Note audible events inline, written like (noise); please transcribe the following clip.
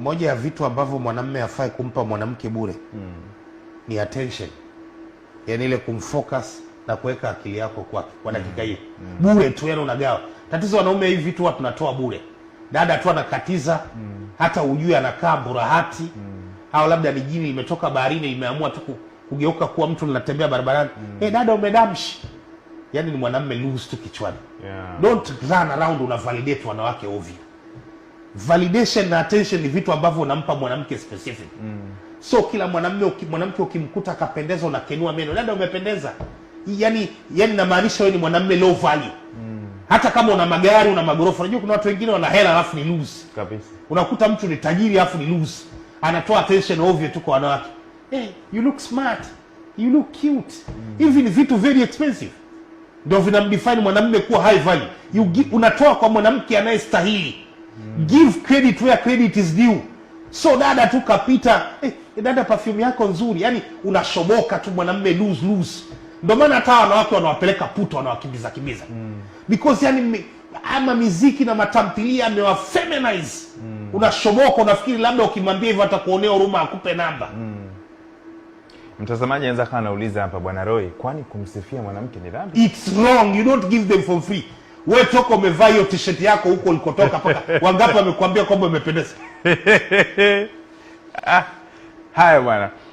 moja ya vitu ambavyo mwanamume afai kumpa mwanamke bure mm. ni attention, yani ile kumfocus na kuweka akili yako kwake kwa dakika hiyo mm. Hmm. bure tu, yani unagawa. Tatizo wanaume hivi vitu huwa tunatoa bure, dada tu anakatiza mm. hata ujue anakaa burahati mm. au labda ni jini limetoka baharini limeamua tu kugeuka kuwa mtu linatembea barabarani mm. hey, eh, dada umedamshi yani ni mwanamume loose tu kichwani yeah. Don't run around una validate wanawake ovyo validation na attention ni vitu ambavyo unampa mwanamke specific mm. So kila mwanamke mwanamke ukimkuta akapendeza unakenua meno, dada, umependeza. Yani yani namaanisha wewe ni mwanamume low value mm. Hata kama una magari una magorofa, unajua kuna watu wengine wana hela alafu ni lose kabisa. Unakuta mtu ni tajiri alafu ni lose anatoa attention ovyo tu kwa wanawake. eh Hey, you look smart, you look cute mm. Hivi ni vitu very expensive ndio vinamdefine mwanamume kuwa high value. You, unatoa kwa mwanamke anayestahili mm. give credit where credit is due. So dada tu kapita eh, eh, dada perfume yako nzuri, yani unashoboka tu mwanamume lose lose. Ndio maana hata wanawake wanawapeleka puto, wanawakimbiza kimbiza mm. because yani me, ama miziki na matamthilia amewafeminize mm. Unashoboka, unafikiri labda ukimwambia hivyo atakuonea huruma akupe namba mm. Mtazamaji anaweza kaa anauliza hapa, Bwana Roy, kwani kumsifia mwanamke ni dhambi? It's wrong, you don't give them for free wewe toka umevaa hiyo t-shirt yako huko ulikotoka paka (laughs) wangapi wamekuambia kwamba umependeza? (laughs) Ah, haya bwana.